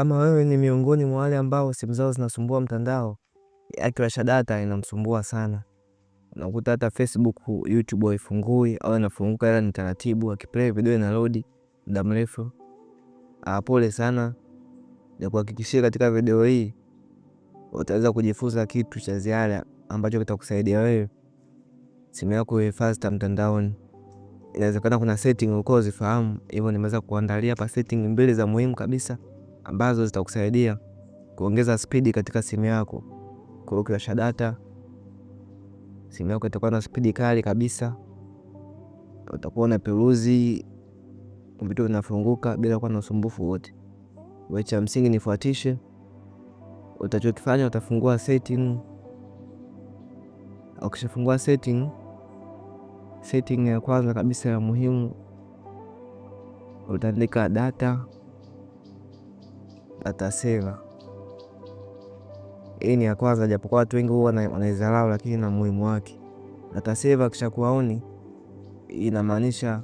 kama wewe ni miongoni mwa wale ambao simu zao zinasumbua mtandao, akiwasha data inamsumbua sana. Unakuta hata Facebook, YouTube haifungui au inafunguka ila ni taratibu, akiplay video ina load muda mrefu. Ah, pole sana, ya kuhakikishia katika video hii utaweza kujifunza kitu cha ziada ambacho kitakusaidia wewe simu yako kuifasta mtandaoni. Inawezekana kuna setting uko zifahamu, hivyo nimeweza kuandalia hapa setting mbili za muhimu kabisa ambazo zitakusaidia kuongeza spidi katika simu yako. Kurukisha data, simu yako itakuwa na spidi kali kabisa. Utakuwa na peruzi vitu vinafunguka bila kuwa na usumbufu wote. Cha msingi nifuatishe, utachokifanya utafungua setting. Ukishafungua setting, setting ya kwanza kabisa ya muhimu utaandika data atasema hii ni ya kwanza, japokuwa watu wengi huwa wanaizarau, lakini na muhimu wake. Ataseva kisha kuwaoni, inamaanisha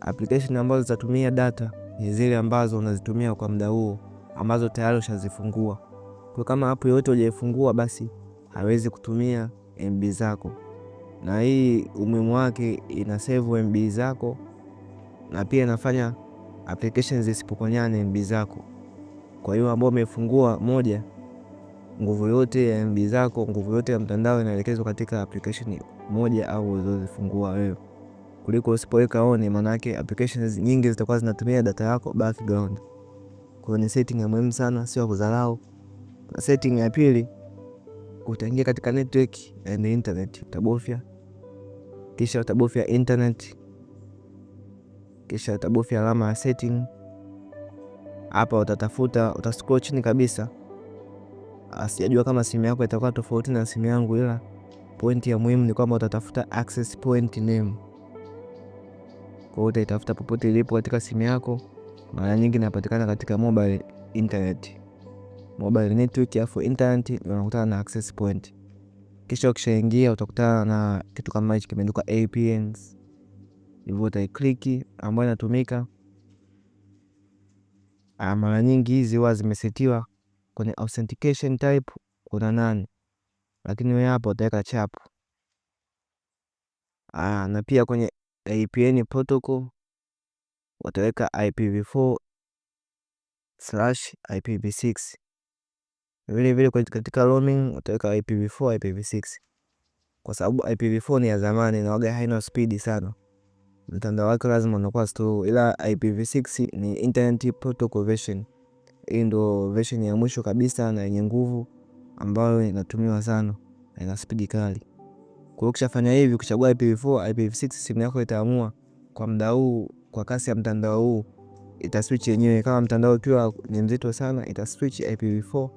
application ambazo zitatumia data ni zile ambazo unazitumia kwa muda huo, ambazo tayari ushazifungua. Kwa kama app yoyote hujaifungua, basi hawezi kutumia MB zako, na hii umuhimu wake inasave MB zako na pia inafanya applications zisipokonyane MB zako. Kwa hiyo ambao umefungua moja, nguvu yote ya MB zako, nguvu yote ya mtandao inaelekezwa katika application moja au uzozifungua wewe, kuliko usipoweka on. Maana yake applications nyingi zitakuwa zinatumia data yako background. Kwa hiyo ni setting ya muhimu sana, sio kudharau. Setting ya pili, utaingia katika network and internet, utabofya kisha utabofya internet, kisha utabofya alama ya setting hapa utatafuta, utascroll chini kabisa. Ah, sijajua kama simu yako itakuwa tofauti na simu yangu, ila pointi ya muhimu ni kwamba utatafuta access point name. Kwa hiyo utaitafuta popote ilipo katika simu yako, mara nyingi inapatikana katika mobile internet, mobile network, afu internet unakutana na access point. Kisha ukishaingia utakutana na kitu kama hichi kimeandikwa APNs, hivyo utaikliki ambayo inatumika Ah, mara nyingi hizi huwa zimesetiwa kwenye authentication type kuna nani, lakini wewe hapa utaweka chapu aa, ah, na pia kwenye APN protocol wataweka IPv4 slash IPv6. Vile vile katika roaming wataweka IPv4 IPv6, kwa sababu IPv4 ni ya zamani na waga haina spidi sana mtandao wake lazima unakuwa slow, ila IPv6 ni internet protocol version. Hii ndo version ya mwisho kabisa na yenye nguvu ambayo inatumiwa sana na ina spidi kali. Kwa hiyo ukishafanya hivi, ukichagua IPv4, IPv6, simu yako itaamua kwa muda huu, kwa kasi ya mtandao huu ita switch yenyewe. Kama mtandao ukiwa ni mzito sana, ita switch IPv4,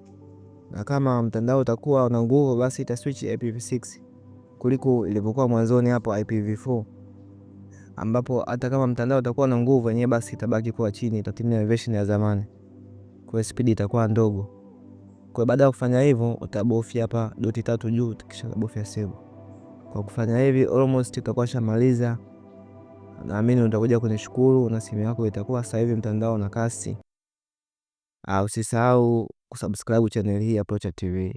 na kama mtandao utakuwa una nguvu, basi ita switch IPv6 kuliko ilivyokuwa mwanzoni hapo IPv4 ambapo hata kama mtandao utakuwa na nguvu yenyewe, basi itabaki kuwa chini, itatumia version ya zamani, kwa speed itakuwa ndogo. Kwa baada ya kufanya hivyo, utabofya hapa doti tatu juu, kisha utabofya save. Kwa kufanya hivi, almost utakuwa shamaliza. Naamini utakuja kunishukuru na simu yako itakuwa sasa hivi mtandao na kasi. Ah, usisahau kusubscribe channel hii ya Procha TV.